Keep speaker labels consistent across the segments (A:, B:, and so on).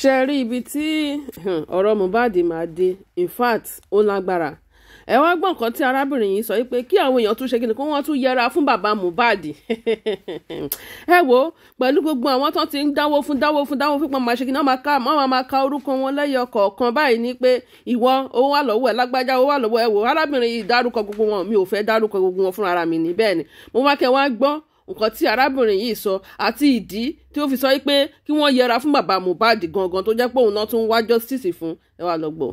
A: ṣe rí ibi tí hmm, ọ̀rọ̀ Mohbad máa dé in fact ó lágbára ẹ wá gbọ́n nǹkan tí arábìnrin yìí sọ pé kí àwọn èèyàn tún ṣe kíni kó wọ́n tún yẹra fún bàbá Mohbad ẹ wo pẹ̀lú gbogbo àwọn tó ti ń dáwó fún dáwó fún dáwó fún pàmò àṣekínà máa ká máa máa ka orúkọ wọn lẹ́yọ kọ̀ọ̀kan báyìí ni pé ìwọ owó wà lọ́wọ́ ẹ lágbájá owó wà lọ́wọ́ ẹ wò arábìnrin yìí dárúkọ gbogbo wọn mi ò fẹ́ dárúkọ gbogbo wọn fúnra mi ní bẹ́ẹ̀ ni mo wá kẹ́ wá gbọ́n nǹkan tí arábìnrin yìí sọ àti ìdí tí ó fi sọ pé kí wọ́n yẹra fún bàbá Mohbad gangan tó jẹ́ pé òun náà tún wá justice fún ẹ wá lọ gbọ́.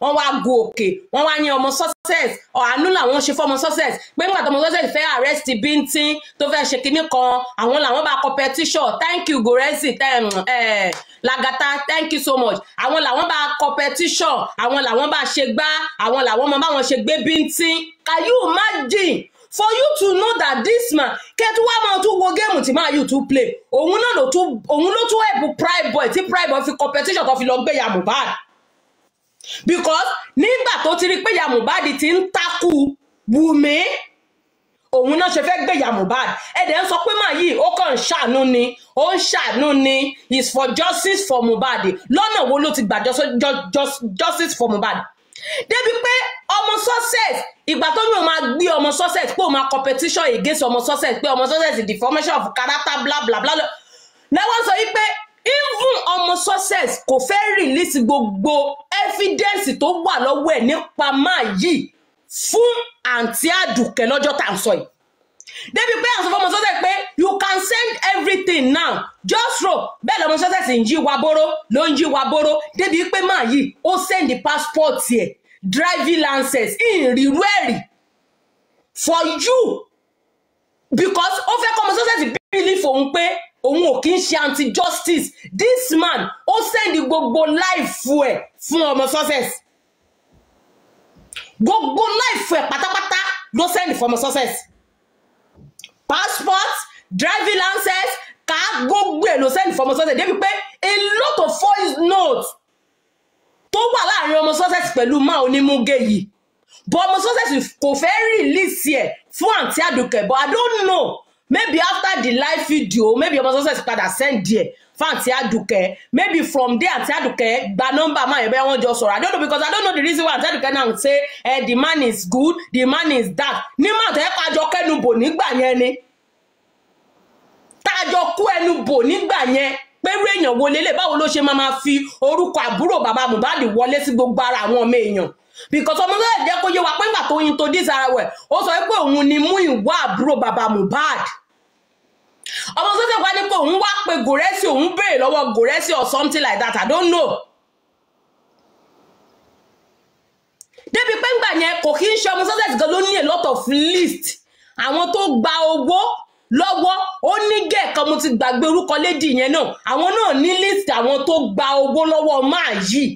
A: wọ́n wá gun òkè wọ́n wá ní ọmọ success ọ̀hánú làwọn ṣe fọ́mọ success pé nígbà tó ọmọ success fẹ́ arrest bíntín tó fẹ́ ṣe kinní kan àwọn làwọn bá kọ thank you goresi lagata thank you so much àwọn làwọn bá kọ àwọn làwọn bá ṣe gbá àwọn làwọn mọ báwọn ṣe gbé bíntín can you imagine for you to know that this man kẹtù wá máa tún wo géèmù tí máa yù tún play òun náà ló tún òun ló tún help prime boy tí pride boy fi competition tó fi lọ gbé ya Mohbad because nígbà tó ti rí pé ya Mohbad ti ń takú Wùmí òun náà ṣe fẹ́ gbé ya Mohbad ẹ̀dẹ̀ ń sọ pé màá yìí ó kàn ń ṣàánú ni ó ń ṣàánú ni is for justice for Mohbad lọ́nà wo ló ti gbà justice for Mohbad débi pé success ìgbà tó ní o máa gbé ọmọ success pé o máa competition against ọmọ success pé ọmọ success is deformation of character bla bla bla lẹ́wọ́n sọ wípé even ọmọ success kò fẹ́ release gbogbo evidence tó wà lọ́wọ́ ẹ̀ nípa máa yìí fún àǹtí àdùkẹ́ lọ́jọ́ tá à ń sọ yìí débi pé àwọn ọmọ success pé you can send everything now just roll bẹ́ẹ̀ lọ́mọ success ń yí wa bóró ló ń yí wa bóró débi pé máa yìí ó send passport yẹ̀ driving license ìrírú ẹ̀rí for you because ó fẹ́ kọ́ ọmọ sọ́sẹ̀sì belief òun pé òun ò kí ń ṣe anti justice this man ó sẹ́ndì gbogbo láìfu ẹ̀ fún ọmọ sọ́sẹ̀sì gbogbo láìfu ẹ̀ pátápátá ló sẹ́ndì fún ọmọ sọ́sẹ̀sì passport driving license ká gbogbo ẹ̀ ló sẹ́ndì fún ọmọ sọ́sẹ̀sì débi pé a lot of voice notes tó wà láàrin ọmọ success pẹ̀lú máa onímúgé yìí but ọmọ success kò fẹ́ release ẹ̀ fún àǹtí àdùkẹ́ but i don't know maybe after the live video maybe ọmọ success padà send ẹ̀ fún àǹtí àdùkẹ́ maybe from there àǹtí àdùkẹ́ gba nọ́mbà máa yẹn bẹ́ẹ̀ wọ́n jọ sọ̀rọ̀ i don't know because i don't know the reason why àǹtí àdùkẹ́ náà say eh, the man is good the man is that ní màá tẹ́ pàjọ kẹ́nu bò nígbà yẹn ni tájọ kú ẹnu bò nígbà yẹn pẹ̀lú èèyàn wo lélẹ̀ báwo ló ṣe máa fi orúkọ àbúrò bàbá Mohbad wọlé sí gbogbo ara àwọn ọmọ èèyàn because ọmọ náà jẹ́ kó yé wa pé ìgbà tó introduce ara wẹ̀ ó sọ pé òun ni Múyìwá àbúrò bàbá Mohbad ọmọ sọ́jà wa ní pé òun wá pe gòrẹ́sì òun béèrè lọ́wọ́ gòrẹ́sì or something like that I don't know débi pé ńgbà yẹn kò kí ń ṣe ọmọ sọ́jà gan ló ní a lot of list àwọn tó gba owó lọ́wọ́ ó ní gẹ̀ẹ́kan mo ti gbàgbé orúkọ lédì yẹn náà àwọn náà ní list àwọn tó gba owó lọ́wọ́ máa yìí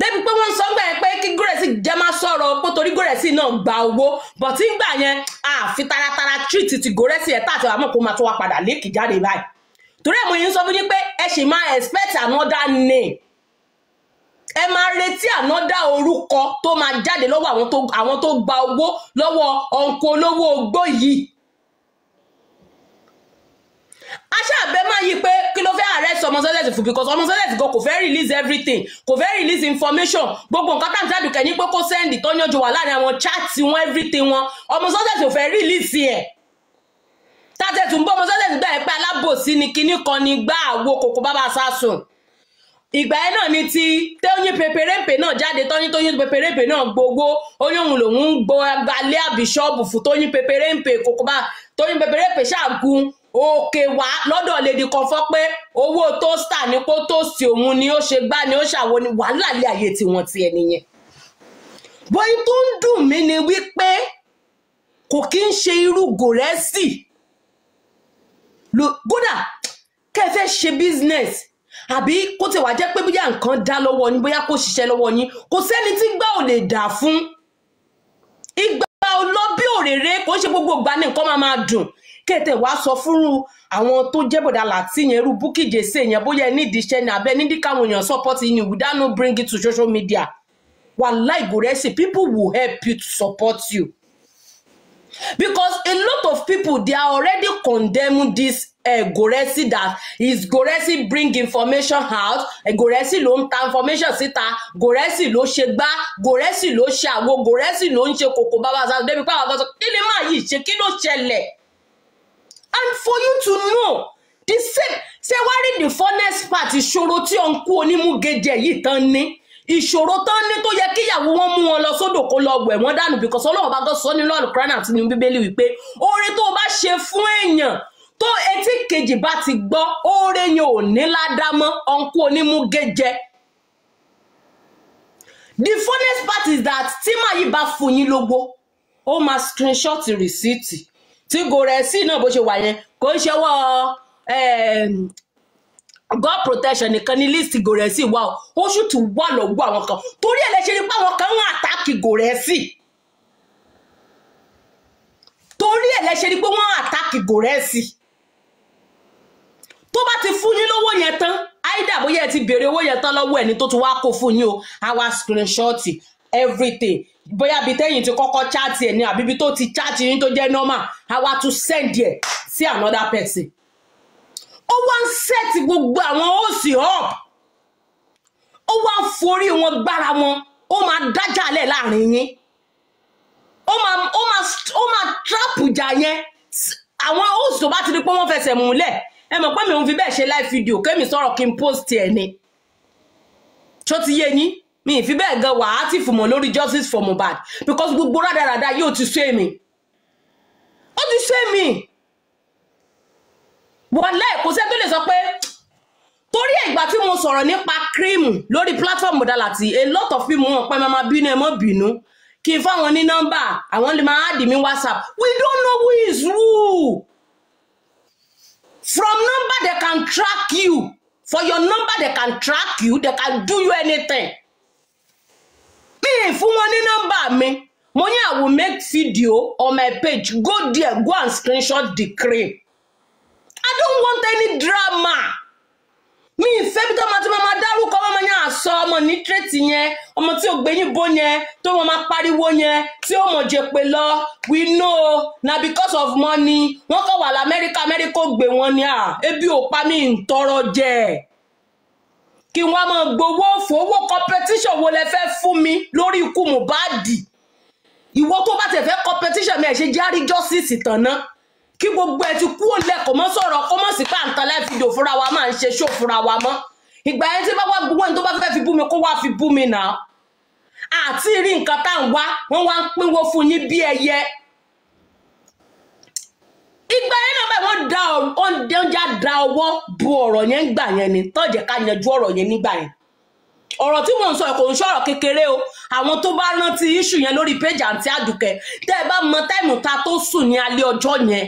A: débi pé wọ́n sọ gbà yẹn pé kí gúrẹ́sì jẹ́ máa sọ̀rọ̀ pé torí gúrẹ́sì náà gba owó bọ̀ tí ń gbà yẹn àfi taratara treat ti gúrẹ́sì ẹ̀ tààtì àmọ́ kó máa tó wa padà léèkì jáde báyìí torí ẹ̀ mo yín sọ fún yín pé ẹ sì máa expect another name ẹ máa retí ànádà orúkọ tó máa jáde lọ́wọ́ àwọn tó gba owó lọ́wọ́ ọ̀nkọ́ olówó ogbó yìí aṣáàbẹ máa yí pé kí ló fẹ́ arrest ọmọ sọ́lẹ̀sì fún because ọmọ sọ́lẹ̀sì kan kò fẹ́ release everything kò fẹ́ release information gbogbo nǹkan tá à ń jáde kẹ́ni pé kó send tọ́yànjú wà láàrin àwọn chat wọn everything wọn ọmọ sọ́lẹ̀sì ò fẹ́ release ẹ̀ tàtẹ̀ tún bọ́ ọmọ sọ́lẹ̀sì gbà ẹ̀ pé alábòsí ni kinní kan ni gbá àwo kòkó bàbá sásùn ìgbà ẹ náà ni ti tóyún pèpèrèpè náà jáde tóyún tóyún pèpèrèpè náà gbogbo oyún lòún gbọ alẹ́ àbí ṣọ́ọ̀bù fún tóyún pèpèrèpè kòkó bá tóyún pèpèrèpè ṣáà gun òkè wá lọ́dọ̀ lèdì kan fọ́ pé owó tóstà ní kó tóòsì òun ni ó ṣe gbá ni ó ṣàwo ni wàhálà lé ayé tiwọn ti ẹni yẹn bóyá tó ń dùn mí ni wípé kò kí ń ṣe irú gòrẹ́sì kódà kẹfẹ́ ṣe business àbí kó ti wà jẹ́ pé bóyá nǹkan dá lọ́wọ́ yín bóyá kó ṣiṣẹ́ lọ́wọ́ yín kò sẹ́ni tí gbà ò lè dà fún ìgbà ọlọ́bí òrèrè kò ń ṣe gbogbo ìgbà ní nǹkan máa máa dùn kété wa sọ fúnrú àwọn tó jẹ́ bọ̀dà láti yẹn irú Bukky Jesse yẹn bóyá ẹ nídìí ni abẹ́ nídìí káwọn èèyàn support yín without no bring it to social media wallahi go resi people will help you to support you because a lot of people they are already condemning this uh, eh, Goresi that is Goresi bring information out uh, eh, Goresi ló ń ta information síta Goresi ló ṣe gbá Goresi ló ṣe àwo Goresi ló ń ṣe kòkó bàbá sáà débi pé àwọn kan sọ kí ni máa yìí ṣe kí ló ṣẹlẹ̀ and for you to know the same Say wá rí the funnest part ìṣòro tí ọ̀nkú onímúgẹ̀jẹ̀ yìí tán ní ìṣòro tán ní tó yẹ kíyàwó wọn mú wọn lọ sódò kó lọ wẹ̀ wọ́n dànù bìkọ́sì ọlọ́run bá gọ́ sọ nínú àlùkùránì àti nínú bíbélì wípé oore tó o bá ṣe fún èèyàn tó etí kejì bá ti gbọ́ oore yẹn ò ní ládámọ́ ọ̀nkú onímúgẹ̀jẹ̀ the funnest part is that tí màá yìí bá fún yín lógbó ó máa screenshot rìsíìtì tí gòrẹ́sì náà bó ṣe wà yẹn kò ń ṣọwọ́ ehm, god protection nìkan ní list gòrẹ́sì wà ó ó sì tún wà lọ́wọ́ àwọn kan torí ẹ̀ lè ṣe ni pé àwọn kan ń àtàkì gòrẹ́sì torí ẹ̀ lè ṣe ni pé wọ́n ń àtàkì gòrẹ́sì tó bá ti fún yín lówó yẹn tán áìdà bóyá ẹ ti béèrè owó yẹn tán lọ́wọ́ ẹni tó ti wá kó fún yín o àwa screenshot everything bóyá bíi tẹ́yìn ti kọ́kọ́ chaati ẹ̀ ni àbí ibi tó ti chaati yín tó jẹ́ normal a wá tún send ẹ̀ sí another person ó wá ń set gbogbo àwọn òsì up ó wá ń forí wọn gbára wọn ó máa dájà lẹ̀ láàrin yín ó máa ó máa ó máa tírápù jà yẹn àwọn òsì tó bá ti di pé wọ́n fẹsẹ̀ múlẹ̀ ẹ mọ̀ pé mi ò fi bẹ́ẹ̀ ṣe live video kémi sọ̀rọ̀ kí n post ẹ̀ ni tó ti yé yín mi ì fi bẹ́ẹ̀ gan wà á ti fùmọ̀ lórí justice for Mohbad because gbogbo rádaràda yóò ti sún èmi ó ti sún èmi wọlé kò sẹ́ni tó lè sọ pé torí ìgbà tí mo sọ̀rọ̀ nípa kírìmù lórí platform Modalart a lot of people wọn pé mama bínú ẹ mọ́ bínú kí n fáwọn ní nọ́mbà àwọn lè máa add mi WhatsApp we don't know who is who from number they can track you for your number they can track you they can do you anything mi fún wọn ní nọ́mbà mi mo ní i will make video on my page go there go and screenshot the cream i don't want any drama mi ìfẹ́ bí tọ́mọ tí mo máa dárúkọ ọmọ yẹn àsọ ọmọ nítírètì yẹn ọmọ tí ò gbé yìnbó yẹn tó wọn máa pariwo yẹn tí ó mọ̀ jẹ pé lọ we know na because of money wọ́n kọ̀ wà lamẹ́ríkà amẹ́ríkà ó gbé wọn ni à ebi ò pa mí ń tọrọ jẹ kí wọ́n máa gbowó fún competition wo lẹ fẹ́ fún mi lórí ikú Mohbad ìwọ tó bá tẹ̀ fẹ́ competition mi ẹ̀ ṣe járí justice tàn náà kí gbogbo ẹ ti kú òlẹ kò mọ sọ̀rọ̀ kó mọ sí pàǹtàn láì fi dò fúnra wa máa ń ṣe ṣó fúnra wa mọ ìgbà yẹn tí bá gbogbo ẹni tó bá fẹ́ fi bú mi kó wá fi bú mi nà àti rí nǹkan tá à ń wá wọ́n wá ń pínwó fún yín bí ẹyẹ ìgbà yẹn náà bẹ́ẹ̀ wọ́n da oúnjẹ da ọwọ́ bu ọ̀rọ̀ yẹn gbà yẹn ni tó jẹ́ ká yanjú ọ̀rọ̀ yẹn nígbà yẹn ọ̀rọ̀ tí wọ́n ń sọ kò ń sọ̀rọ̀ kékeré o àwọn tó bá rántí iṣu yẹn lórí péjì àǹtí àdùkẹ́ tẹ́ ẹ bá mọ táìmù ta tó sùn ní alẹ́ ọjọ́ yẹn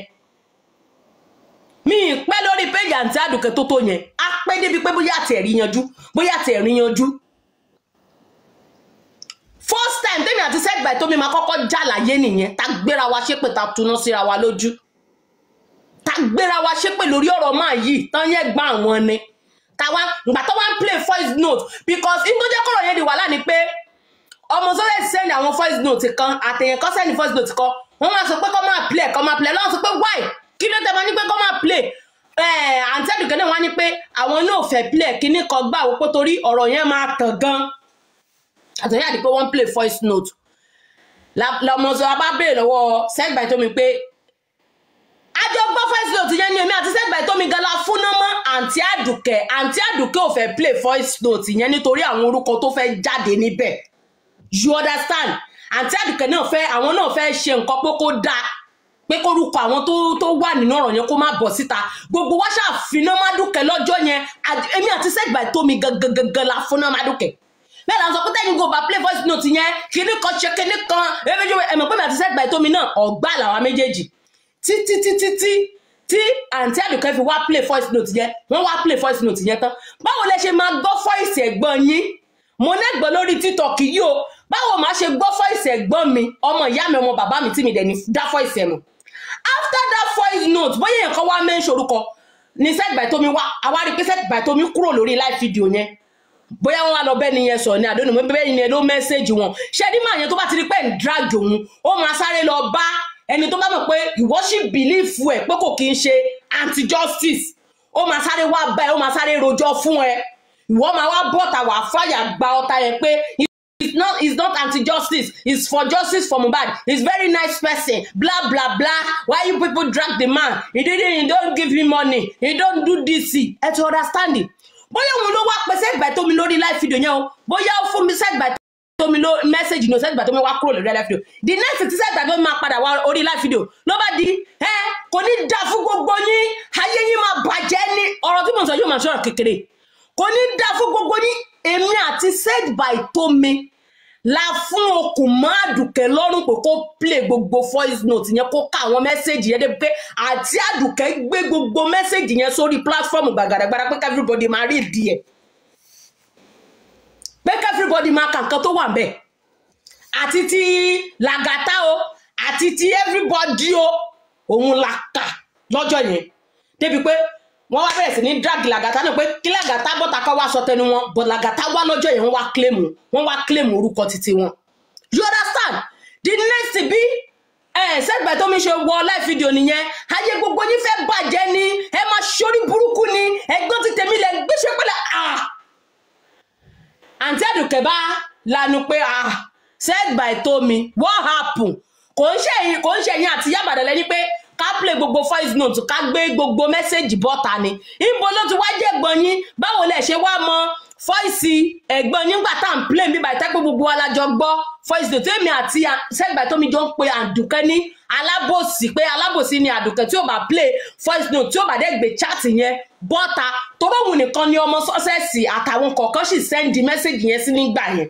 A: mi ì pẹ́ lórí péjì àǹtí àdùkẹ́ tó tó yẹn á pẹ́ débi pé bóyá àti ẹ̀rí yanjú bóyá àti ẹ̀rí yanjú first time tèmi àti sẹ́gbẹ̀ẹ́ tó mi máa kọ́kọ́ jà láyé nìyẹn tá gbéra wa ṣépè tá tuná síra wa lójú tá a gbéra wa ṣépè lórí ọ̀rọ̀ máa yìí tán yẹn gbà ni táwa ìgbà tó wá ń play voice note because in tó jẹ́ kọ̀rọ̀ yẹn di wàhálà ni pé ọmọ sọ́lẹ̀ sẹ́ni àwọn voice note kan àtẹ̀yìn kan sẹ́ni voice note kan wọ́n máa sọ pé kọ́ máa play kọ́ máa play lọ́wọ́ sọ pé why kí ló tẹ́ máa ní pé kọ́ máa play àǹtí eh, ẹ̀dùnkẹ́ náà wá ní pé àwọn yóò fẹ́ play kíní kan gbà wọ́pọ̀ torí ọ̀rọ̀ yẹn máa tàn gan àtẹ̀yìn àdìpé wọ́n play voice note lọmọ sọ abá béèrè lọ́wọ́ sẹ́gbàá tó mi pé àjọ gbọ́ voice note yẹn ni èmi àti Said-By Tomi gan la àǹtí àdùkẹ́ àǹtí àdùkẹ́ ò fẹ́ play voice note yẹn nítorí àwọn orúkọ tó fẹ́ jáde níbẹ̀ you understand àǹtí àdùkẹ́ náà fẹ́ àwọn náà fẹ́ ṣe nǹkan pé kó dáa pé kórúkọ àwọn tó wà nínú ọ̀rọ̀ yẹn kó má bọ̀ síta gbogbo wa ṣàfihàn mádùkẹ́ lọ́jọ́ yẹn èmi àti Said-By Tomi gangan la fúnná bẹ́ẹ̀ la sọ pé tẹ́yìn gòbá play voice note yẹn kíní kan ṣe kíní kan ẹ̀mí àti Said-By Tomi náà ọ̀gbà làwa méjèèjì títí títí tí tí àǹtí àbíkẹ́ fi wá play voice note yẹn wọ́n wá play voice note yẹn tán báwo lẹ ṣe máa gbọ́ voice ẹ̀gbọ́n yín mo nẹ́gbọ́n lórí tiktok yìí o báwo máa ṣe gbọ́ voice ẹ̀gbọ́n mi ọmọ ìyá mi ọmọ bàbá mi tí mi dẹ̀ ní dá voice ẹ̀ nù after that voice note bóyá èèyàn kan wá mẹ́ńṣe orúkọ ní set by Tomi wá àwa rí pé set by Tomi kúrò lórí live video yẹn bóyá wọn wá lọ bẹ́ẹ̀ nìyẹn sọ ni àdónù bẹ́ẹ̀ nìyẹn ló mẹ́sẹ̀gì wọn ṣẹ́ẹ́dí máa yẹn tó bá ti rí pé ń drag òun ó máa sáré lọ bá ẹni tó bá mọ̀ pé ìwọ sì bìlífù ẹ̀ pé kò kí ń ṣe anti justice ó máa sáré wá bá ẹ ó máa sáré rojọ́ fún ẹ ìwọ máa wá bọ́ta wà fàyà gba ọta yẹn pé it's not it's not anti justice it's for justice for Mohbad he's very nice person bla bla bla why you people drag the man he didn't he don't give me money he don't do DC. ẹ ti understand it bóyá òun ló wá pèsè ìgbà tó mi lórí live video yẹn o bóyá ó fún mi sẹ́gbà tómi ló mẹ́sẹ̀gì ní òsèǹtì bàtómi wá kúrò lórí live video the next thing sẹ́ǹtì bàtómi máa padà wá orí live video ló bá di ẹ kò ní dá fún gbogbo yín ayé yín máa bàjẹ́ ní ọ̀rọ̀ tí mò ń sọ yóò máa sọ̀rọ̀ kékeré kò ní dá fún gbogbo yín èmi àti sẹ́ǹtì bàtómi la fún okùn mọ́ àdùkẹ́ lọ́rùn pé kó play gbogbo voice note yẹn kó ka àwọn message yẹn débi pé àti àdùkẹ́ gbé gbogbo message yẹn sórí platform gbàgàdàgbàdà pé everybody máa rí ìdí ẹ̀ Make everybody mark kà nǹkan tó wà ńbẹ̀ àti ti làgàtà o àti ti everybody o òun la kà lọ́jọ́ yẹn débi pé wọ́n wá bẹ̀rẹ̀ sí ní drag làgàtà náà pé kí làgàtà bọ́ta kan wá sọ tẹnu wọn but làgàtà wá lọ́jọ́ yẹn wọ́n wá kílèmù wọ́n wá kílèmù orúkọ títí wọn you understand the next bí sẹ́gbẹ̀ẹ́ tó mi ṣe wọ live video nìyẹn ayé gbogbo yín fẹ́ bàjẹ́ ni ẹ máa ṣorí burúkú ni ẹgbọ́n ti tèmi lẹ gbéṣẹ́ pẹ́lẹ́ ah àǹtí àdùkẹ́ bá lanu pé ah said by Tomi what happen kò ń ṣe yín kò ń ṣe yín àti yábàdàn lẹ́ni pé ká play gbogbo voice note ká gbé gbogbo message bọ́ta ni ibo ló ti wá jẹ̀gbọ́n yín báwo lẹ ṣe wá mọ́ fọ́ìsì ẹ̀gbọ́n nígbà tá à ń play bíbá ìtẹ́pẹ́ gbogbo wa la jọ gbọ́ fọ́ìsì tó èmi àti sẹ́gbà tómi jọ ń pe àdùkẹ́ ní alábòsí pé alábòsí ni àdùkẹ́ tí ó bá play voice note tí ó bá dẹ́ gbé chat yẹn bọ́ta tó bá wù nìkan ni ọmọ sọ́sẹ̀sì àtàwọn kọ̀ọ̀kan sì sẹ́ndì mẹ́sẹ̀gì yẹn sí nígbà yẹn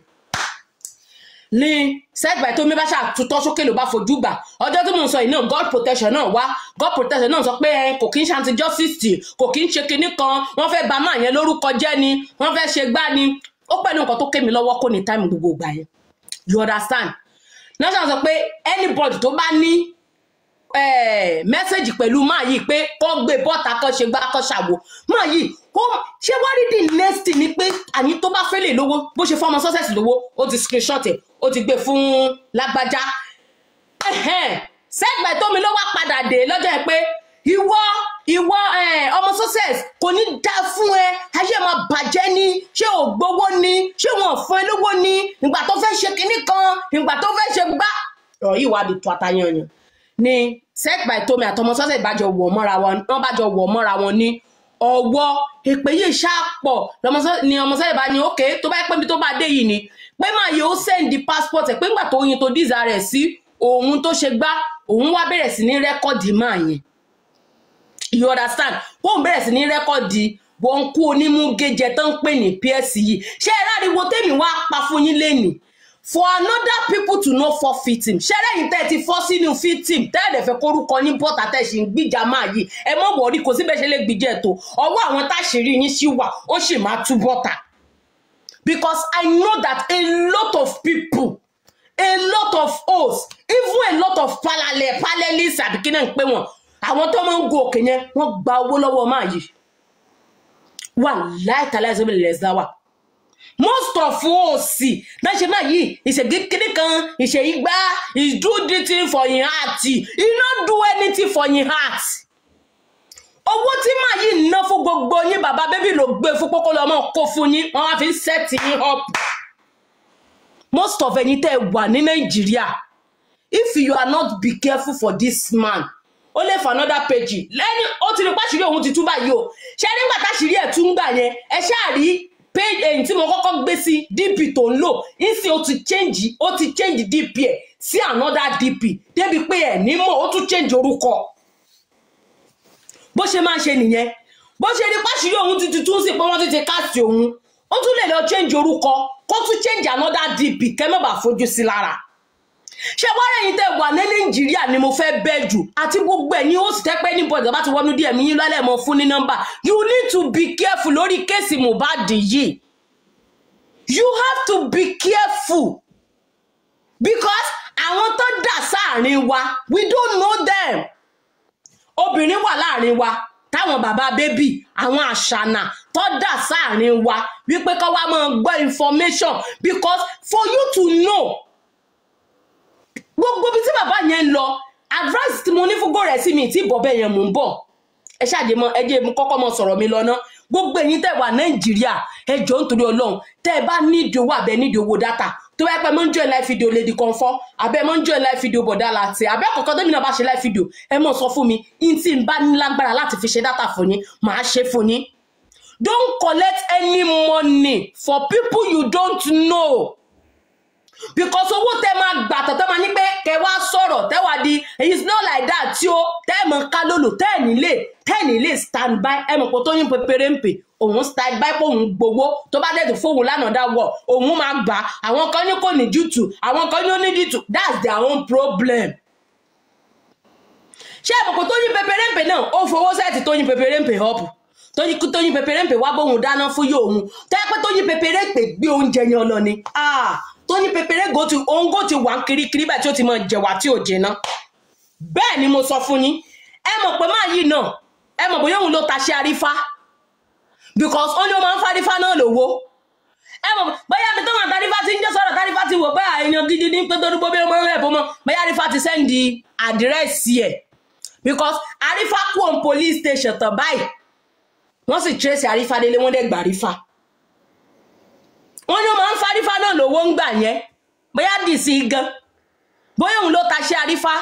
A: ní sẹ́gbà tó mi bá ṣàtútọ́ sókè ló bá fojú gbà ọjọ́ tí mò ń sọ yìí náà god protection náà wá god protection náà sọ pé kò kí ń ṣe anti justice kò kí ń ṣe kinní kan wọ́n fẹ́ ba máa yẹn lórúkọ jẹ́ ni wọ́n fẹ́ ṣe gbá ni ó pẹ̀lú nǹkan tó ké mi lọ́wọ́ kò ní táìmù gbogbo ìgbà yẹn you understand náà ṣàǹsọ pé anybody tó bá ní mẹ́sẹ̀gì pẹ̀lú máa yìí pé kọ́ gbé bọ́ta kan ṣe gbá kan ṣàwò máa yìí ó ṣé wá the next ni pé àní tó bá fẹ́ lè lówó bó ṣe fọmọ success lówó ó ti screenshot ẹ̀ ó ti gbé fún lágbájá segment tómi ló wá padà dé lọ́jọ́ yẹn pé ìwọ ìwọ ọmọ success kò ní dá fún ẹ ayé máa bàjẹ́ ni ṣé ò gbowó ni ṣé wọn ò fún ẹ lówó ni ìgbà tó fẹ́ ṣe kinní kan ìgbà tó fẹ́ ṣe gbá ọ̀rọ̀ yìí wàá di tu àtàyàn yẹn ni segment tómi àtọmọ success bá jọ wọ̀ mọ́ra wọn wọ́n bá jọ wọ̀ mọ́ra wọn ní ọwọ́ èpè yìí ṣáà pọ̀ ni ọmọ success bá ní òkè tó bá pẹ́ mi tó bá dé yìí ni pé màá yóò send passport ẹ̀ pé ńgbà tó yin tó díza rẹ̀ sí òun tó ṣe gbá òun wá bẹ̀rẹ̀ sí ní rẹ́kọ̀dì máa yẹn you understand òun bẹ̀rẹ̀ sí ní rẹ́kọ̀dì wọn kú onímúgẹjẹ tó ń pè ní ps yìí ṣé ẹ ráriwo tèmi wá pa fún yín lẹ́nìí for another people to know for fitim ṣẹlẹ yìí tẹ ẹ ti fọ sínú fitim tẹ ẹ dẹ fẹ kórúkọ ní bọta tẹ ẹ ṣì ń gbìjà máa yìí ẹ mọ wọrí kò síbẹ̀ ṣe lè gbìjà ètò ọwọ́ àwọn táṣìírí yín ṣì wà ó sì máa tú bọ́ta because I know that a lot of people a lot of us, even a lot of parallel parallelists àbí kí náà ń pè wọ́n àwọn tó máa ń gun òkè yẹn wọ́n gba owó lọ́wọ́ máa yìí wà láìtàlá ẹ̀sọ́ mi lè dáwà most of òsì náà ṣe máa yìí ìṣègíkiri is do anything for your heart he not do anything for your heart owó tí màá yìí ná fún gbogbo yín bàbá bébì ló gbé fún kókó lọ́mọ kó fún yín wọ́n á fi ń sẹ́ẹ̀tì yín up most of ẹ̀yin tẹ́ ẹ wà ní nàìjíríà if you are not be careful for this man ó lè fa another page lẹ́ni ó ti rí pàṣírí òun ti tún báyìí o ṣé nígbà táṣírí ẹ̀ tún gbà yẹn ẹ ṣáà rí page ẹ̀yìn tí mo kọ́kọ́ gbé sí dp tó ń lò ìsì ó ti change ó ti change dp ẹ̀ sí another dp débi pé ẹ̀ ní mọ̀ ó tún change orúkọ bó ṣe máa ṣe nìyẹn bó ṣe rí páṣírí òun ti ti tún sí pé wọ́n ti ti káàsì òun ó tún lè lọ change orúkọ kó tún change another dp kẹ́mọ́bà fojú sí lára ṣé wọ́n rẹ̀yìn tẹ̀ wà ní nàìjíríà ni mo fẹ́ bẹ́ jù àti gbogbo ẹ̀ ní ó sì tẹ́pẹ́ ní bọ̀dọ̀ bá ti wọnú díẹ̀ mi yín lálẹ́ mọ́ fún ní nọ́mbà you need to be careful lórí kéèsì Mohbad yìí you have to be careful because àwọn tó dà sáàrin wa we don't know them obìnrin wà láàrin wa táwọn bàbá bébì àwọn àṣànà tó dà sáàrin wa wípé kọ́ wa máa gbọ́ information because for you to know gbogbo bí tí bàbá yẹn lọ advice tí mo ní fún gòrè sí mi tí bọ̀bẹ̀ yẹn mò ń bọ̀ ẹ ṣáàjẹ mọ ẹ jẹ kọ́kọ́ mọ sọ̀rọ̀ mi lọ ná gbogbo ẹ̀yin tẹ́ wà nàìjíríà ẹ jọ ń torí Ọlọ́run tẹ́ ẹ bá nídìí owó àbẹ nídìí owó dátà tó bá pẹ́ mọ́ ń jó live video lady Comfort abẹ́ mọ́ ń jó live video bọ̀dá láti abẹ́ kọ̀ọ̀kan tó mi náà bá ṣe live video ẹ mọ̀ sọ fún mi in tí n bá ní lágbára láti fi ṣe data fún yín màá ṣe fún yín don't collect any money for people you don't know because owó tẹ máa gbà tọ́tọ́ máa ní pé kẹ wá sọ̀rọ̀ tẹ di it's not like that tí ó tẹ́ ẹ̀ mọ̀ ń ká lòlò tẹ́ nílé tẹ́ nílé stand by ẹ̀ mọ̀ pé tó yín pépéré ń pè òun stand by pé òun gbowó tó bá dẹ̀ tó fóun lánàá dá wọ̀ òun máa gbà àwọn kan ní kò ní jùtù àwọn kan ní ó ní jùtù that's their own problem ṣé ẹ̀ mọ̀ pé tó yín pépéré ń pè náà ó fowó sẹ́ẹ̀tì tó yín pépéré ń pè họ́pù tóyí tóyí pépéré ń pè wá bóun dáná fún yóò hun tẹ́ pé tóyí pépéré pè gbé oúnjẹ yẹn lọ ni ah tó ní peperego ti ongo ti wà ń kirikiri báyìí tí ó ti mọ jẹ̀wà tí ò jẹ̀nà bẹ́ẹ̀ ni mo sọ fún yín ẹ mọ̀ pé máa yìí náà ẹ mọ̀ bóyá òun ló ta ṣe àrífá because ó ní ó máa ń fárífá náà lówó ẹ mọ̀ bóyá ibi tó máa tarífá ti ń jẹ́ sọ̀rọ̀ tarífá ti wò pé àìyàn gidi ní pé torí gbogbo ọmọ ẹ̀ bó mọ́ bóyá àrífá ti sẹ́ndì àdírẹ́sì ẹ̀ because àrífá kú òun police station tán báyìí wọ́n sì trace àrífá délé wọ́n dẹ̀ gbà àrífá wọ́n ní ó máa ń fárífá náà lówó ń gbà yẹn bóyá dì sí i gan bóyá òun ló taṣẹ́ àrífá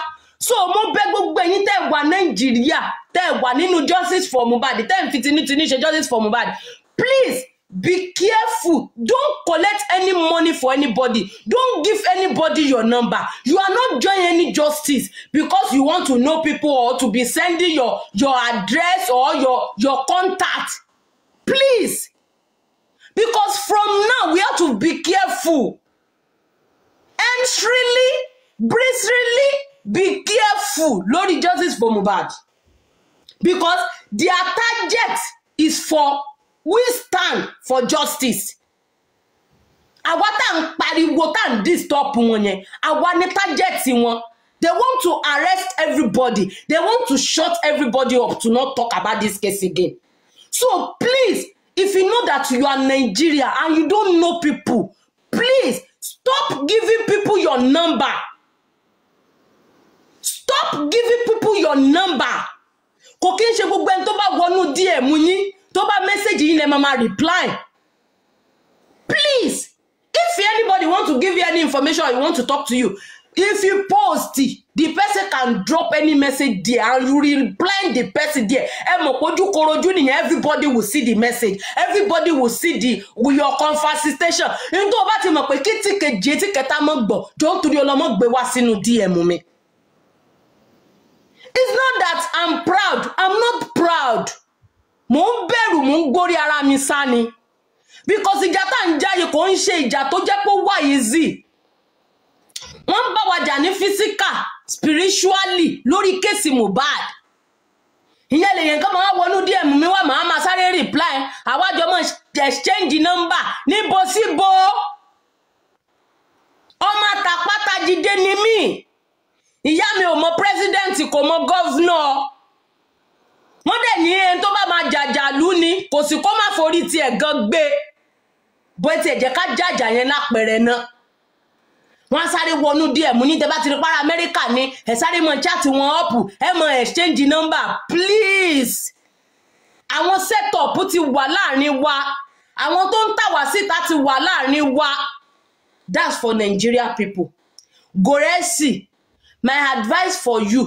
A: so mo bẹ̀ gbogbo ẹ̀yin tẹ́ wà nàìjíríà tẹ́ wà nínú justice for Mohbad tẹ́ ń fi tinútinú ṣe justice for Mohbad please be careful don't collect any money for anybody don't give anybody your number you are not doing any justice because you want to know people or to be sending your your address or your your contact please Because from now, we have to be careful. entryly, briskly, be careful lórí justice for Mohbad. Because their target is for we stand for justice. Àwa tá à ń pariwo tá à ń disturb wọn yẹn, àwa ní target wọn. They want to arrest everybody. They want to shut everybody up to not talk about this case again. So please if you know that you are Nigeria and you don't know people please stop giving people your number stop giving people your number kò kí n ṣe gbogbo ẹni tó bá wọnú DM yín tó bá mẹ́sẹ̀gì yín lẹ máa ma reply please if anybody want to give you any information or you want to talk to you if you post it the person can drop any message there and you will blind the person there ẹ mọ̀ pójú korojú nìyẹn everybody will see the message everybody will see the your conversation nítorí o bá ti mọ̀ pé kí tí kejì etí kẹta mọ̀ gbọ̀ jọ nítorí ọlọ́mọ gbé wá sínú DM mi it's not that i'm proud i'm not proud mo ń bẹ̀rù mo ń gbórí ara mi sá because ìjà tá à ń jáyè kò ń ṣe ìjà tó jẹ́ pé ó wà easy wọ́n ń wa jà ní físíkà spiritually lórí kéèsì Mohbad ìyẹn lèyìn kan máa wọnú DM mi wá màá máa sáré reply àwájọ mọ exchange number níbo síbo ọmọ àtàpátá jíde ni mí ìyá mi ò mọ president kò mọ governor. wọ́n dẹ̀ ní ẹni tó bá máa jàjàlú ni kò sì kó má forí tiẹ̀ gan gbé bó tiẹ̀ jẹ́ ká jàjà yẹn lápẹ̀rẹ̀ náà wọ́n sáré wọnú díẹ̀ mú ní tẹ́ bá ti rí para amẹ́ríkà ni ẹ̀ sáré mọ chaati wọn ọ̀pù ẹ̀ mọ exchange number please àwọn setup ti wà láàrin wa àwọn tó ń tà wá síta ti wà láàrin wa that's for Nigeria people Goresi my advice for you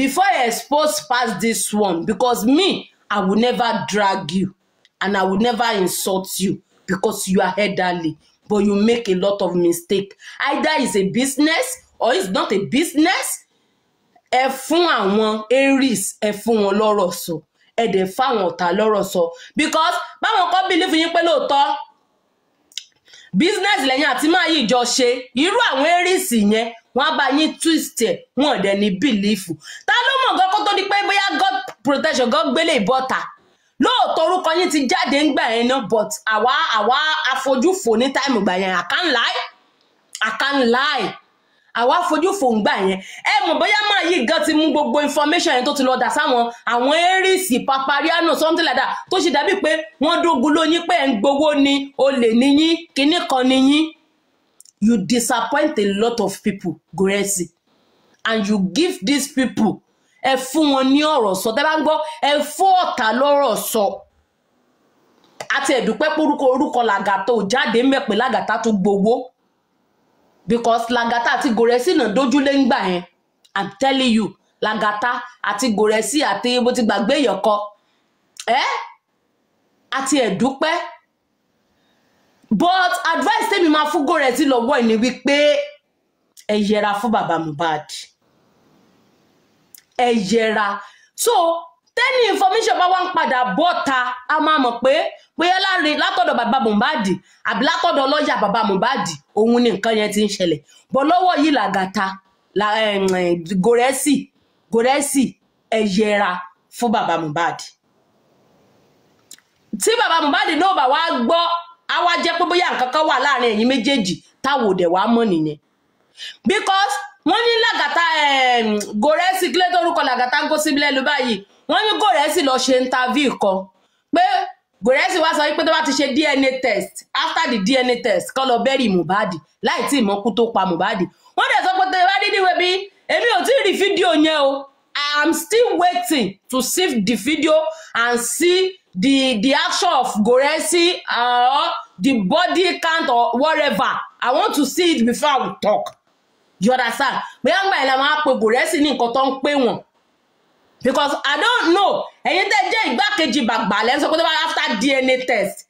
A: before you expose pass this one because me I will never drag you and I will never insult you because you are elderly but you make a lot of mistake either it's a business or it's not a business ẹ fún àwọn aries ẹ fún wọn lọ́rọ̀ sọ ẹ dẹ̀ fáwọn ọ̀tá lọ́rọ̀ sọ because báwọn kan believe yín pé lóòótọ́ business lẹ́yìn àti máa yìí jọ ṣe irú àwọn aries yẹn wọ́n á bá yín twist ẹ̀ wọ́n dẹ̀ ní belief ta ló mọ̀ gan kó tó di pé bóyá god protection god gbélé ìbọ̀ta lóòótọ́ orúkọ yín ti jáde ńgbà yẹn náà but àwa àwa afojúfò ní táìmù gbà yẹn I can't lie I can't lie àwa afojúfò ńgbà yẹn ẹ mọ̀ bóyá máa yí gan ti mú gbogbo information yẹn tó ti lọ dà sáwọn àwọn erésì papariano something like that tó ṣe dàbí pé wọ́n dógun lóyún pé ẹ̀ ń gbowó ni olè níyín kinní kan níyín you disappoint a lot of people Gracie and you give these people ẹ fún wọn ní ọ̀rọ̀ sọ tẹ́ bá ń gbọ́ ẹ fún ọ̀tá lọ́rọ̀ sọ àti ẹ̀dùpẹ́ porúkọ orúkọ làgàtà ò jáde mẹ́pẹ́ làgàtà tún gbowó because làgàtà àti gòrẹ́sì náà dójúlé ń gbà yẹn i'm telling you làgàtà àti gòrẹ́sì àti mo ti gbàgbé èèyàn kan ẹ́ àti ẹ̀dùpẹ́ but advice tèmi máa fún gòrẹ́sì lọ́wọ́ ẹ̀ ni wípé ẹ yẹra fún bàbá Mohbad ẹ yẹra so tẹ́ni information bá wá ń padà bọ́ta a máa mọ̀ pé bóyá láre látọ̀dọ̀ bàbá Mohbad àbí látọ̀dọ̀ lọ́ọ̀yà bàbá Mohbad òun ni nǹkan yẹn ti ń ṣẹlẹ̀ bọ́ lọ́wọ́ yìí làgàtà gòrẹ́sì gòrẹ́sì ẹ yẹra fún bàbá Mohbad tí bàbá Mohbad náà bá wá gbọ́ á wá jẹ́ pé bóyá nǹkan kan wà láàrin ẹ̀yin méjèèjì táwọn òdẹ̀ wá mọ̀ nìyẹn because wọ́n ní làgàtà gòrẹ́sì kílẹ̀ tó orúkọ làgàtà ń kó síbi lẹ́nu báyìí wọ́n ní gòrẹ́sì lọ ṣe interview kan pé gòrẹ́sì wá sọ pé tó bá ti ṣe DNA test after the DNA test kọ́ lọ bẹ́rì Mohbad láì tí ìmọ̀kú tó pa Mohbad wọ́n dẹ̀ sọ pé tẹ̀wá dídí wẹ̀bí èmi ò tí ì rí fídíò yẹn o I am still waiting to see the video and see the the action of Goresi uh, the body count or whatever I want to see it before I talk you understand bóyá ńgbà yẹn la máa pe gòrẹ́sì ní nǹkan tó ń pè wọ́n because i don't know ẹ̀yin tẹ́ jẹ́ ìgbákejì bàgbà lẹ́nu sọ pé tó bá after dna test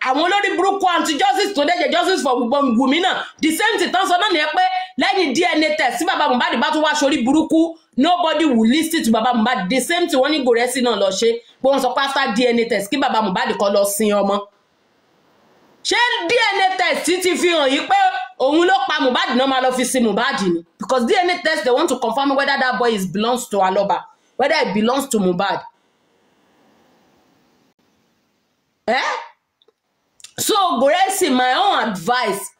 A: àwọn olórí burúkú àti justice tó dẹ́jẹ̀ justice for Wunmi náà the same thing tán sọ náà nìyẹn pé lẹ́yìn dna test tí bàbá Mohbad bá tún wá sórí burúkú nobody will listen to bàbá Mohbad the same thing wọ́n ní gòrẹ́sì náà lọ ṣe pé wọ́n sọ pé after dna test kí bàbá Mohbad kọ́ lọ sin ọmọ ṣé dna test ti fi hàn yí pé òun ló pa Mohbad náà máa lọ fi sí Mohbad ni because DNA test they want to confirm whether that boy is belongs to Aloba whether he belongs to Mohbad. Eh? So Goresi, my own advice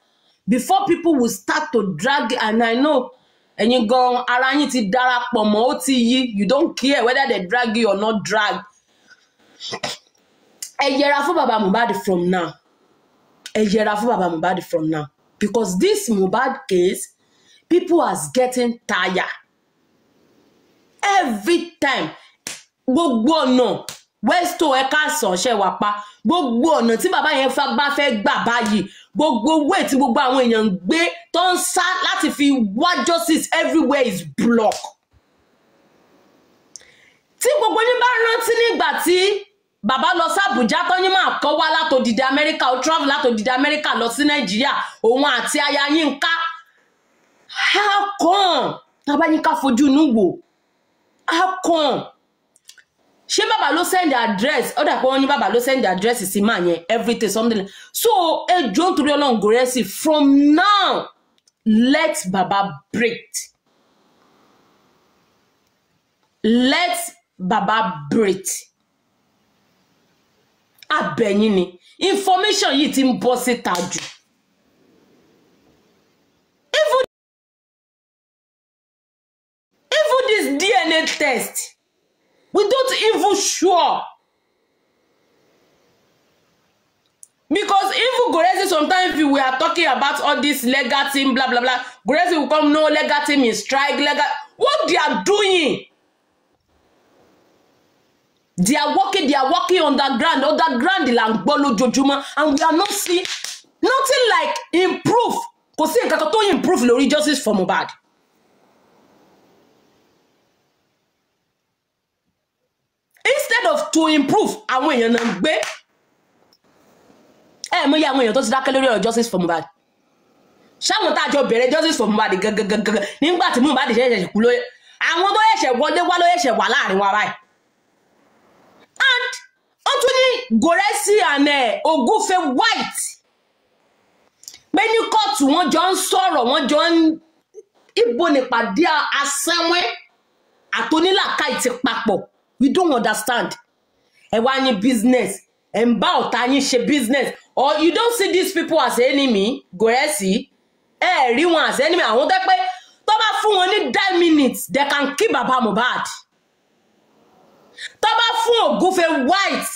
A: before people will start to drag and I know ẹ̀yin gan ara yín ti darapọ̀ mọ́ ó ti yí you don't care whether they drag you or not drag. ẹ yẹra fún baba Mohbad from now ẹ yẹra fún baba Mohbad from now because this Mohbad case people as getting tired every time gbogbo ọ̀nà westo ẹ̀ka sọ̀ṣẹ́ wà pa gbogbo ọ̀nà tí bàbá yẹn bá fẹ́ gbà báyìí gbogbo owó tí gbogbo àwọn èèyàn ń gbé tó ń sá láti fi wá justice everywhere is block tí gbogbo yín bá rántí nígbà tí bàbá lọ sí àbújá tọ́yìn máa kọ́ wá látòdìdí amẹ́ríkà ó travel látòdìdí amẹ́ríkà lọ sí nàìjíríà òun àti aya yín ká akàn tabayínká fojú inú wò akàn ṣé bàbá ló send address ó dà pé wọ́n ní bàbá ló send address sí máa yẹn everything something like so ejò nítorí ọlọ́run gòrẹ́sì from now let baba breathe let baba breathe abẹ̀yìn ni information yìí ti ń bọ́ síta jù. even even this DNA test we don't even sure because even Gorezi sometimes we are talking about all this legal thing blah blah blah Gorezi will come no legal thing is strike legal what they are doing they are working they are working underground underground là ń gbọ́ lójoojúmọ́ and we are not seeing nothing like improve kò sí nǹkan kan improve lórí justice for Mohbad. instead of to improve àwọn èèyàn náà ń gbé ẹ mọ iye àwọn èèyàn tó ti dákẹ́ lórí ọ̀rọ̀ justice for Mohbad ṣáwọn tá a jọ bẹ̀rẹ̀ justice for Mohbad gangan gangan nígbà tí Mohbad ṣẹ̀ṣẹ̀ kú lóye àwọn to ṣẹ̀ṣẹ̀ wọlé wá ló ṣẹ̀ṣẹ̀ wà láàrin wa báyìí and Anthony Goresi and uh, eh, Ogufe White pé ní kóòtù wọ́n jọ ń sọ̀rọ̀ wọ́n jọ ń ibo nípàdé asẹ́wẹ́ àtònílàkà ìti papọ̀ we don't understand ẹ wá ní business ẹ ń bá ọ̀tá yín ṣe business or you don't see these people as enemy Goresi ẹ rí wọn as enemy àwọn tẹ́ pé tó bá fún wọn ní ten minutes they can keep Baba Mohbad tó bá fún ògúnfe white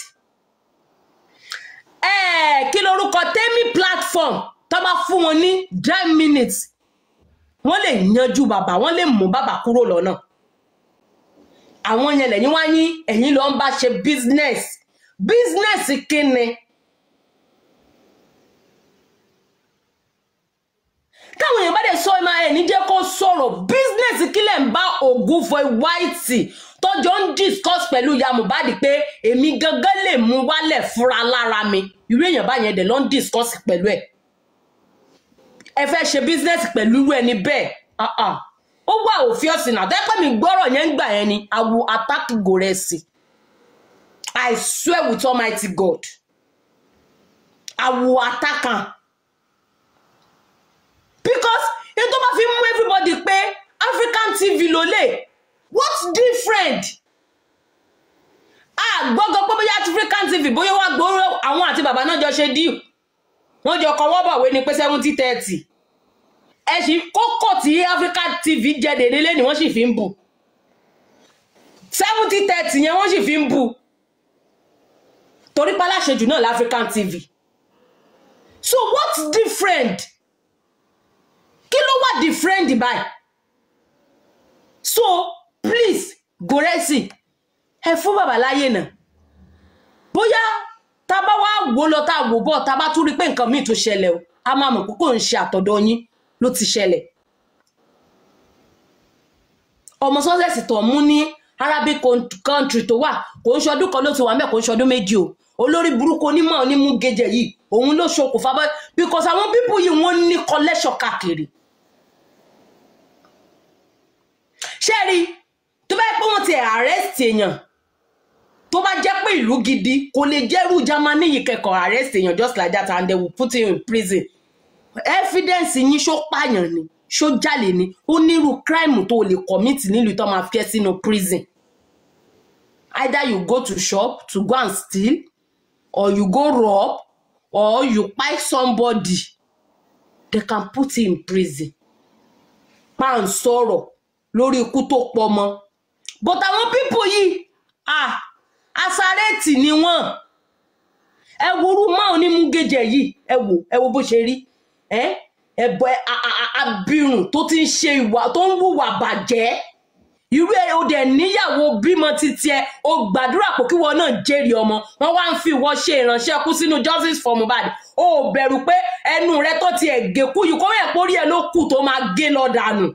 A: eh, kí lorúkọ tẹ́mí platform tó bá fún wọn ní ten minutes wọ́n lè yanjú bàbá wọ́n lè mú bàbá kúrò lọ́nà àwọn yẹn lẹ́yìn wá ní ẹ̀yìn ló ń bá ṣe business business kí ni táwọn èèyàn bá dẹ̀ sọ ẹ̀ma ẹ̀ níjẹ́ kó sọ̀rọ̀ bísínẹ́sì kílẹ̀ ń bá ògùn fọ wáìtì tọ́jọ́ ń discuss pẹ̀lú ìyá Mohbad pé èmi gangan lè mú wálẹ̀ fúnra lára mi irú èèyàn bá yẹn dẹ̀ ló ń discuss pẹ̀lú ẹ̀ ẹ fẹ́ ṣe bísínẹ́sì pẹ̀lú irú ẹni bẹ́ẹ̀ ó wà òfin ọ̀sìn náà tẹ́pẹ́ mi gbọ́rọ̀ yẹn ń gbà yẹn ni àwọ̀ attack gòrẹ́sì I swear with Almighty God àwọ̀ attack am because ètò bá fi mú everybody pé African TV ló lè what's different àgbọ́gọ́ pé bóyá African TV bóyá wá gbóró àwọn àti bàbá náà jọ ṣe deal wọ́n jọ kọwọ́ bọ̀wé ni pé seventy thirty ẹ̀sìn kókò tí African TV jẹ́ dèdè lẹ́ni wọ́n sì fi ń bù seventy thirty yẹn wọ́n sì fi ń bù torí pa láṣejù náà l'African TV so what's different kí ló wà different báyìí so please gòrẹ́sì ẹ fún bàbá láyè náà bóyá tá a bá wá wò lọ tá a wò bọ̀ tá a bá tún rí pé nǹkan míì tó ṣẹlẹ̀ o a máa mọ̀ pé kò ń ṣe àtọ̀dọ̀ yín ló ti ṣẹlẹ̀ ọmọ sọ́sẹ̀sì tó mú ní Arabic country tó wà kò ń ṣọdún kan ló ti wà mẹ́ kò ń ṣọdún méjì o olórí burúkú onímọ̀ onímú gejè yìí òun ló ṣokùnfà bọ́ because àwọn pípù yìí wọ́n ní collection káàkiri ṣé rí tó bá pé wọ́n ti arrest èèyàn tó bá jẹ́ pé ìlú gidi kò lè jẹ́rú Germany yìí kẹ́kọ̀ọ́ arrest èèyàn just like that and they will put him in prison evidence yín ṣó pààyàn ni ṣó jalè ni ó nírú crime tó lè commit nílùú tó máa fẹ́ sínú prison either you go to shop to go and steal or you go rob or you kpai somebody they can put him in prison pa n sọ̀rọ̀ lórí ikú tó pọ̀ mọ́ but àwọn pípò yìí àsárẹ́ẹ̀tì ah, ni wọ́n ẹ worú mọ́ onímúgẹ̀jẹ̀ yìí ẹ wò ẹ wo bó ṣe rí ẹ ẹbọ abirùn tó ti ń ṣe ìwà tó ń wùwà bàjẹ́ irú ẹ o dẹ̀ níyàwó bímọ títí ẹ o gbàdúrà pé kí wọn náà jèrè ọmọ wọn wá ń fi ìwọ ṣe ìránṣẹ́ kú sínú justice for Mohbad o bẹ̀rù pé ẹnu rẹ tó ti ẹ gé kú yìí kó yẹ kó rí ẹ ló kù tó máa gé lọ dànù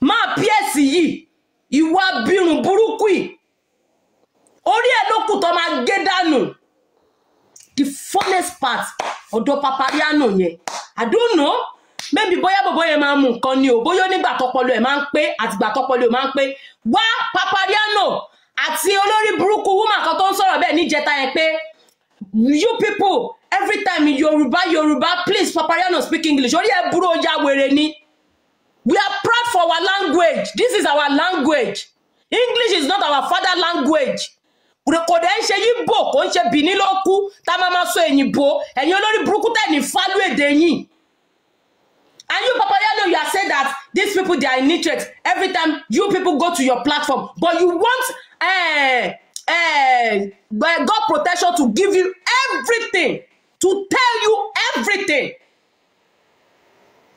A: máa píẹ̀sì yìí ìwà bírùn burúkú yìí orí ẹ̀ ló kù tó máa gé dànù the funnest part ọ̀dọ̀ papariano yẹn I don't know maybe bóyá bọ̀bọ̀ yẹn máa mú nǹkan ni o bóyá nígbà tọpọlọ ẹ̀ máa ń pé àtìgbà tọpọlọ ẹ̀ máa ń pé wá papariano àti olórí burúkú woman kan tó ń sọ̀rọ̀ bẹ́ẹ̀ níjẹta yẹn pé you people every time in Yorùbá Yorùbá please papariano speak English orí ẹ̀ burú ó wèrè ni we are proud for our language this is our language english is not our father language kò dẹ̀ ń ṣe yíbò kò ń ṣe bìní ló kú tá a máa ma sọ èyìnbó ẹ̀yin olórí burúkú tẹ̀ ní fálú èdè yìí and you papa yalo you are saying that these people they are illiterate every time you people go to your platform but you want uh, uh, God protection to give you everything to tell you everything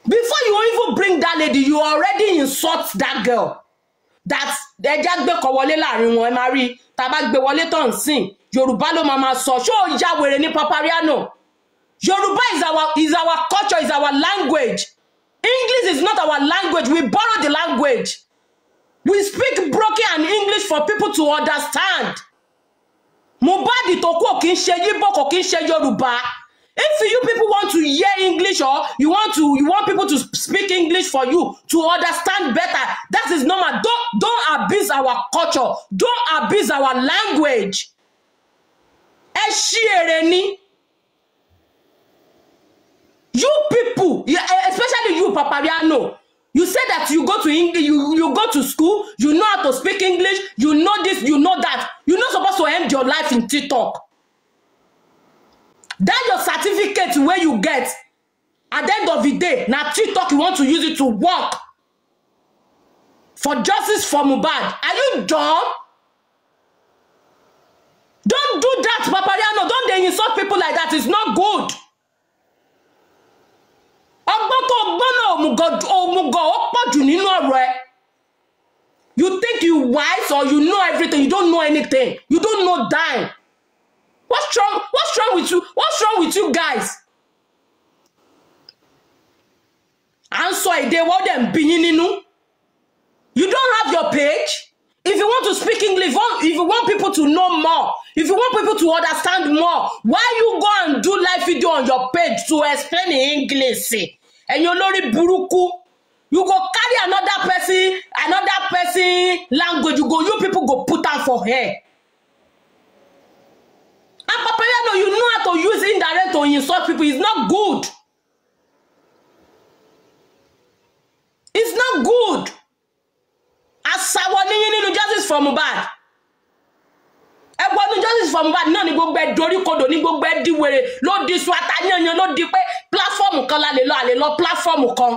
A: before you even bring that lady you already insult that girl that ẹja gbé kọ wọlé láàrin wọn ẹ máa rí tá a bá gbé wọlé tó ń sìn yorùbá ló máa máa sọ ṣó ìyá wèrè ní papariano yorùbá is our is our culture is our language english is not our language we borrow the language we speak broken and english for people to understand mohbad tó kú kì í ṣe yíbò kò kì í ṣe yorùbá if you people want to hear english or you want to you want people to speak english for you to understand better that is normal don't don't abuse our culture don't abuse our language ẹ ṣí èrè ni you people especially you papariano you say that you go to english you you go to school you know how to speak english you know this you know that you no suppose to end your life in tiktok that your certificate where you get at the end of the day now tiktok you want to use it to work for justice for Mohbad are you dumb Don't do that Papariano Don't dey insult people like that it's not good ọgbọ́n tó gbọ́n náà òmùgọ̀ ó pọ̀ jù nínú ọ̀rọ̀ ẹ you think you wise or you know everything you don't know anything you don't know dime what's wrong what's wrong with you what's wrong with you guys à ń sọ èdè them dẹ̀ ń you don't have your page if you want to speak English if you want people to know more if you want people to understand more why you go and do live video on your page to explain in English And you know the Buruku. you go carry another person another person language you go you people go put out for hair Apapariano, you know how to use indirect to insult people. It's not good. It's not good. Àṣàwọ̀ níyìn nínú justice from bad. Ẹ̀gbọ́n nínú justice for Mohbad náà ni gbogbo ẹ̀ doríkodò ní gbogbo ẹ̀ diwèrè ló di suwata yanyan ló di pé pílàfọ́ọ̀mù kan la lè lọ àlè lọ pílàfọ́ọ̀mù kan.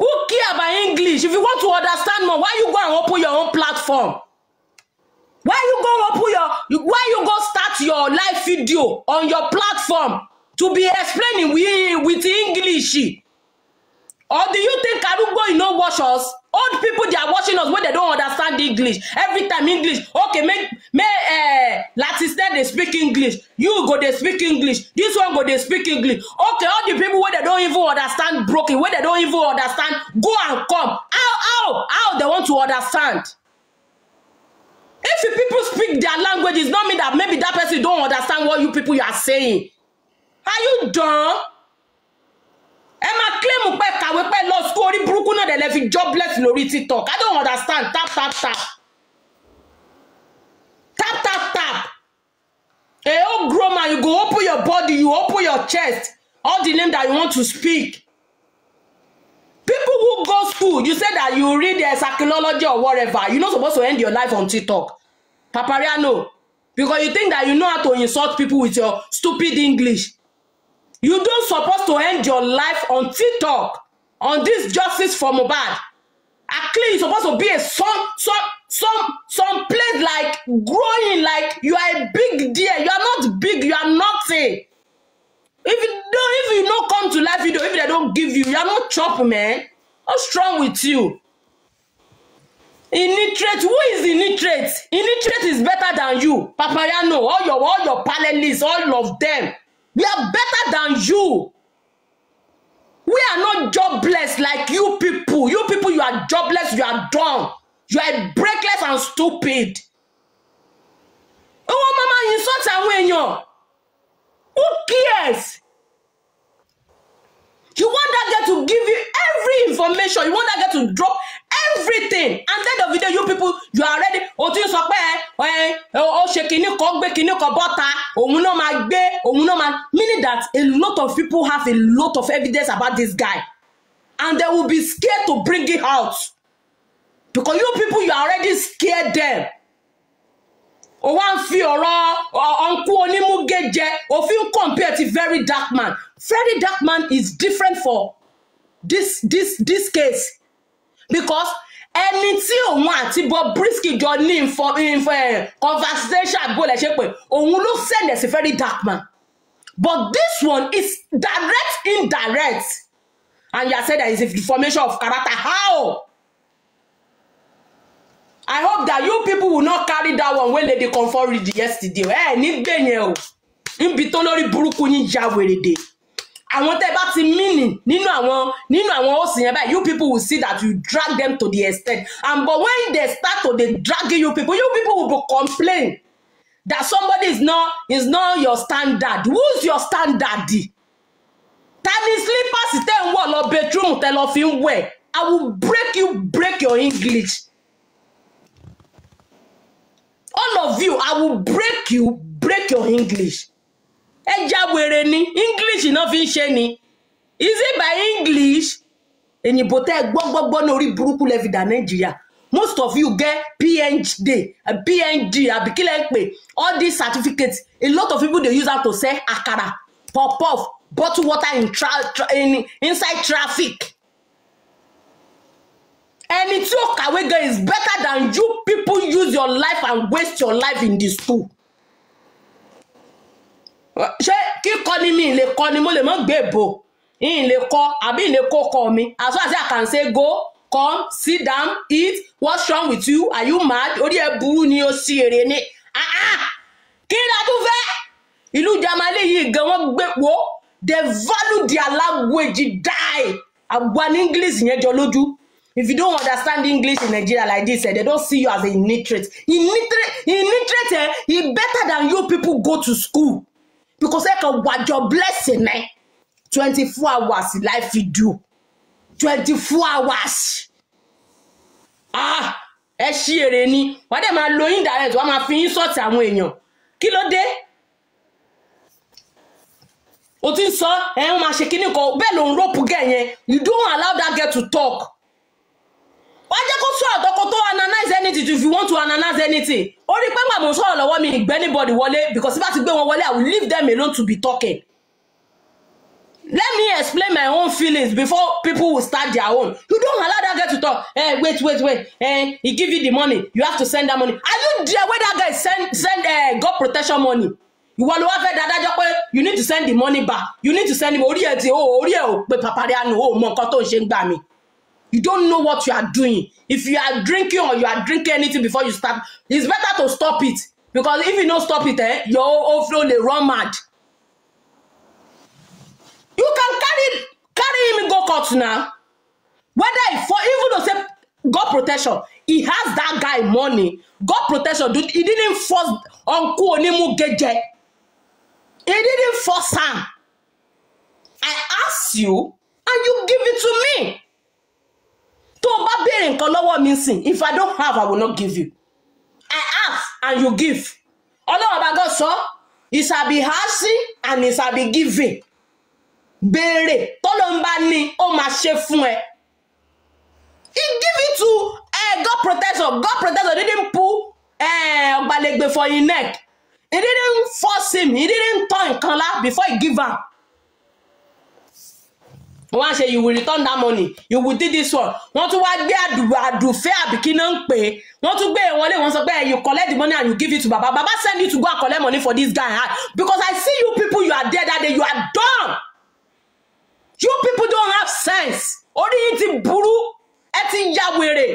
A: Who care about English? If you want to understand more, why you go and open your own platform? why you go open your why you go start your live video on your platform to be explaining with, with English or do you think arúgbó you no watch us old people they are watching us when they don't understand English every time English okay make make uh, eh, latinx they speak English you go they speak English this one go they speak English okay all the people where they don't even understand broken where they don't even understand go and come how how how they want to understand if people speak their language it's not mean that maybe that person don't understand what you people you are saying are you done ẹ máa claim pé kàwé pé law school orí burúkú náà dẹ̀ lè fi jobless lórí tiktok i don't understand tap tap tap tap tap tap a old grown man you go open your body you open your chest all the name that you want to speak People who go school, you say that you read their psychology or whatever. You're not supposed to end your life on TikTok. Papariano, because you think that you know how to insult people with your stupid English. You don't supposed to end your life on TikTok, on this justice for Mohbad. Actually, you're supposed to be a some some some some place like growing like you are a big deer. You are not big. You are nothing if you don't if you no come to life, video if dem don't give you you are no chop man what's wrong with you illiterate who is illiterate illiterate is better than you papayano all your all your panelists all of them We are better than you we are not jobless like you people you people you are jobless you are dumb you are breakless and stupid owó oh, máa ma insult àwọn èèyàn Who cares? You want that guy to give you every information. You want that guy to drop everything. And then the video, you people, you are ready. O ti sọ pé ó ṣe kinní kan gbé kinní Oh, bọ́ta. Òun náà máa gbé, òun náà máa. Meaning that a lot of people have a lot of evidence about this guy. And they will be scared to bring it out. Because you people, you are already scared them o wá ń fi ọ̀rọ̀ ọ̀nkú onímúgé jẹ òfin compare ti very dark man very dark man is different for this this this case because ẹni tí òun àti Bobrisky jọ ní eh, conversation àgbọ̀lẹ̀ ṣe pé òun ló sẹ̀lẹ̀ sí very dark man but this one is direct indirect and you are saying is a formation of character how i hope that you people will not carry that one wey lady comfort read yesterday ẹ eh, ní gbẹ̀yẹn o níbi tó lórí burúkú yín ya wèrèdè àwọn tẹ́ bá ti mìnì nínú àwọn nínú àwọn òsì yẹn báyìí you people will see that you drag them to the extent and but when they start to dey drag you people you people will be complain that somebody is not is not your standard who's your standard ta ni slippers tẹ́ ń wọ̀ lọ bedroom tẹ́ lọ fi ń wẹ̀ i will break you break your english all of you i will break you break your english ẹ já ni english náà fi ń ṣe ni is it by english èyìnbó tẹ́ ẹ gbọ́gbọ́gbọ́ ní orí burúkú lẹ́fi dà nàìjíríà most of you get phd phd àbí kí lẹ́ ń all these certificates a lot of people dey use am to sell akara pop off bottle water in tra tra in, inside traffic tí ò is better than you people use your life and waste your life in the school ṣé kíkọ́ ni mi lè kọ́ ni mo lè mọ́ gbé bò in lè kọ́ àbí in lè kó kọ́ mi as far as I can say go come sit down eat what's wrong with you are you mad orí ẹ burú ni o sì èrè ni ah, ah! kí ni a tún fẹ́ ìlú jamale yìí gan wọ́n gbé wo they value their language die àgbọn english yẹn jọ lójú if you don't understand english in nigeria like this eh, they don't see you as a nitrate. illiterate nitrate. eh, e better than you people go to school because ẹ kàn wá your blessing eh, twenty four hours life you do twenty four hours ah ẹ ṣí èrè ni wàá dẹ̀ máa lo indirect wàá máa fi yín sọ̀tì àwọn èèyàn kí ló dé o ti ń sọ ẹ eh, ń máa ṣe kíní kan bẹ́ẹ̀ ló ń rope gẹ̀ yẹn you don't allow that girl to talk wá jẹ́ kó sọ̀rọ̀ tó kó tó analyze anything if you want to analyze anything ó rí pé màmú sọ̀rọ̀ lọ́wọ́ mi ìgbẹ́ anybody wọlé because if I ti gbé wọn wọlé i will leave them alone to be talking let me explain my own feelings before people will start their own you don't allow that guy to talk hey, eh, wait wait wait hey, eh, he give you the money you have to send that money are you there Where that guy send send uh, God protection money You want to have that? pé you need to send the money back you need to send him orí ẹ̀ tí o oh, orí ẹ̀ ò pé pàpàrẹ̀ àánú o oh, mọ nǹkan tó ń ṣe ń gbà mí You don't know what you are doing. If you are drinking or you are drinking anything before you start, it's better to stop it. Because if you no stop it, eh, your overflow dey run mad. You can carry carry him go court now. Whether for even though say God protection, he has that guy money. God protection, dude, he didn't force Uncle Onimu Geje. He didn't force am. I ask you and you give it to me tó o bá béèrè nǹkan lọ́wọ́ mi sìn if i don't have i will not give you i ask and you give ọlọ́run bá gọ́ sọ ìsàbí hásí and ìsàbí giving béèrè tọ́lọ́ ń bá ní ó máa ṣe fún ẹ he give it to uh, god protector god protector He didn't pull eh, ọ̀gbàlẹ̀gbẹ̀ uh, for him neck he didn't force him he didn't turn nǹkan lá before he give am wọ́n wá ṣe you will return that money you will do this one wọ́n tún wá gbé àdùfẹ́ àbíkí náà ń pè é wọ́n tún gbé ìwọlé wọ́n sọ pé you collect the money and you give it to baba baba send you to go and collect money for this guy ah, because I see you people you are there that day you are dumb you people don't have sense orí yín ti burú ẹ ti ya wèrè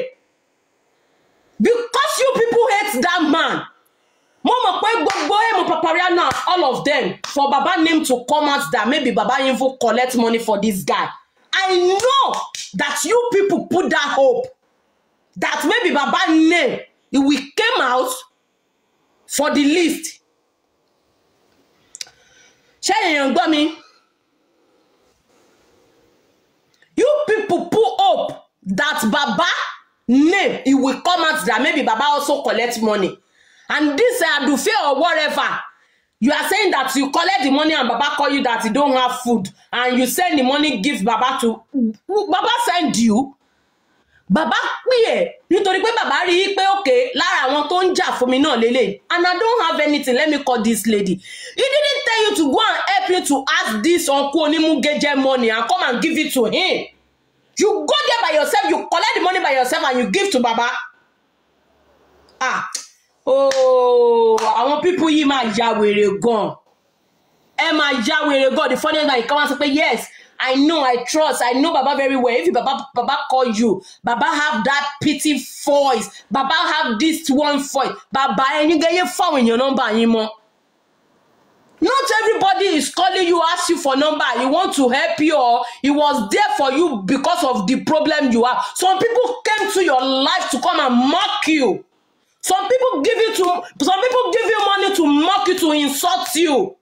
A: because you people hate that man mo mọ̀ pé gbogbo èèmù paparia now all of them for baba name to come out that maybe baba even collect money for this guy i know that you people put that hope that maybe baba name he will came out for the list ṣé èèyàn gbọ́ mi you people put hope that baba name he will come out that maybe baba also collect money and this uh, adufe or whatever you are saying that you collect the money and baba call you that you don't have food and you send the money give baba to baba send you baba pè é nítorí pé baba rí i okay. Lara lára àwọn tó ń jà fún mi náà lélẹ̀ and i don't have anything let me call this lady he didn't tell you to go and help you to ask this uncle onimugeje money and come and give it to him you go there by yourself you collect the money by yourself and you give to baba ah ooo oh, àwọn pípú yìí máa ya wèrè gan ẹ máa ya wèrè gan the funny thing kan wá sọ pé yes I know, I trust, I know Baba very well. If Baba Baba call you, Baba have that pity voice. Baba have this one voice. Baba, and you get your phone in your number anymore. Not everybody is calling you, ask you for number. He want to help you, or he was there for you because of the problem you have. Some people came to your life to come and mock you some people give you to some people give you money to mock you to insult you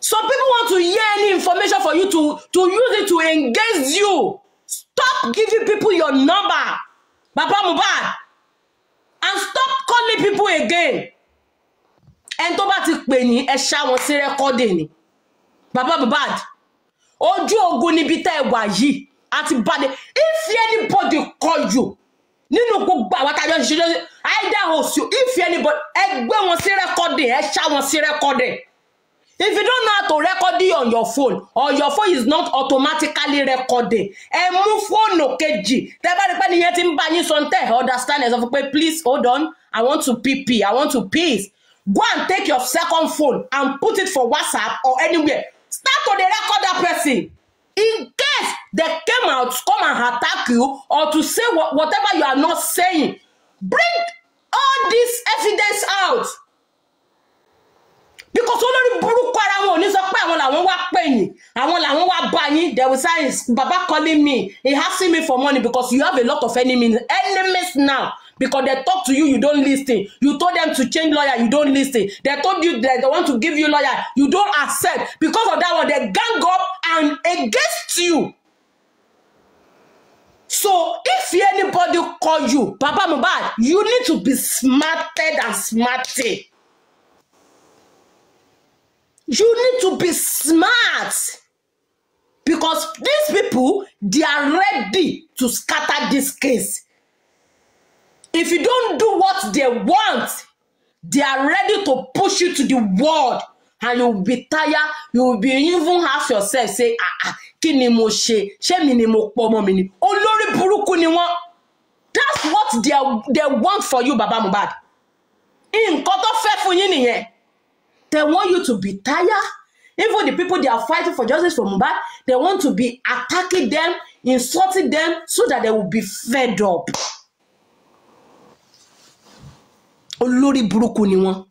A: some people want to hear any information for you to to use it to engage you stop giving people your number baba Mohbad and stop calling people again ẹni tó bá ti pè ní ẹ ṣá ni baba Mohbad ojú ogun níbi tẹ́ ẹ wà yìí àti if anybody call you nínú gbogbo àwọn àtàjọ ṣiṣẹ́ either osu if anybody ẹ gbé wọn sí rẹ́kọ́dì ẹ ṣá wọn sí rẹ́kọ́dì if you don't know how to record it on your phone or your phone is not automatically recording ẹ mú fóònù kejì tẹ bá rí pé nìyẹn ti ń bá yín sọńtẹ understand ẹ pé please hold on i want to pee. i want to peace go and take your second phone and put it for whatsapp or anywhere start to dey record that person in case they came out come and attack you or to say what, whatever you are not saying bring all this evidence out because olórí burúkú ara wọn ò ní sọ pé àwọn làwọn wá pè yín àwọn làwọn wá bá yín there was science baba calling me he asking me for money because you have a lot of enemies enemies now because they talk to you you don't listen you told them to change lawyer you don't listen they told you that they want to give you lawyer you don't accept because of that one they gang up and against you So if anybody call you, Baba Mohbad, you need to be smarter than smarty. You need to be smart because these people, they are ready to scatter this case. If you don't do what they want, they are ready to push you to the world and you be tired you be even ask yourself say ah ah kí ni mo ṣe ṣé mi ni mo pọ ọmọ mi ni olórí burúkú ni wọn that's what they, they want for you baba Mohbad nǹkan tó fẹ́ fún yín nìyẹn they want you to be tired even the people they are fighting for justice for Mohbad they want to be attacking them insulting them so that they will be fed up olórí burúkú ni wọn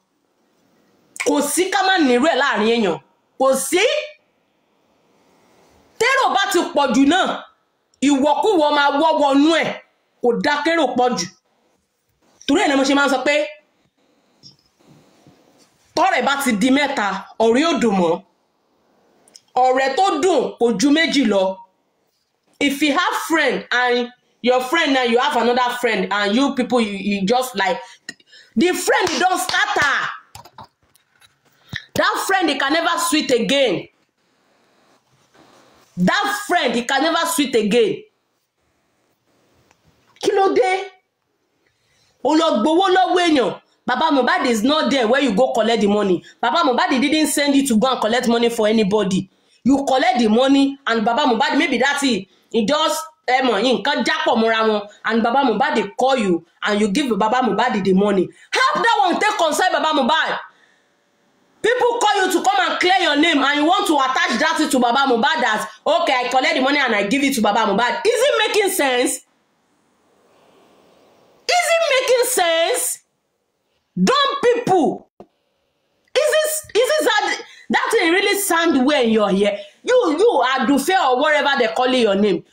A: kò sí ká má nírú ẹ̀ láàrin èèyàn kò sí térò bá ti pọ̀ jù náà ìwọ̀kúwọ̀ máa wọ́ wọnú ẹ̀ kò dá kérò pọ̀ jù torí ẹ̀ ni mo ṣe máa ń sọ pé tọ́rẹ̀ bá ti di mẹ́ta ọ̀rẹ́ ò dùn mọ́ ọ̀rẹ́ tó dùn kò ju méjì lọ if you have friend and your friend and you have another friend and you people you, you just like the friend don scatter That friend, he can never sweet again. That friend, he can never sweet again. Kí ló dé? O lọ gbowó lọ́wọ́ èèyàn. Baba Mohbad is not there where you go collect the money. Baba Mohbad didn't send you to go and collect money for anybody. You collect the money and Baba Mohbad maybe that's it. He just ẹmọ yìí nǹkan jápọ̀ mọ́ra wọn and baba Mohbad call you and you give baba Mohbad the money help that one take concern baba Mohbad people call you to come and clear your name and you want to attach that to Baba Mohbad that okay I collect the money and I give it to Baba Mohbad is it making sense is it making sense dumb people is this is this that that thing really sound well in your ear you you Adufe or whatever they call your name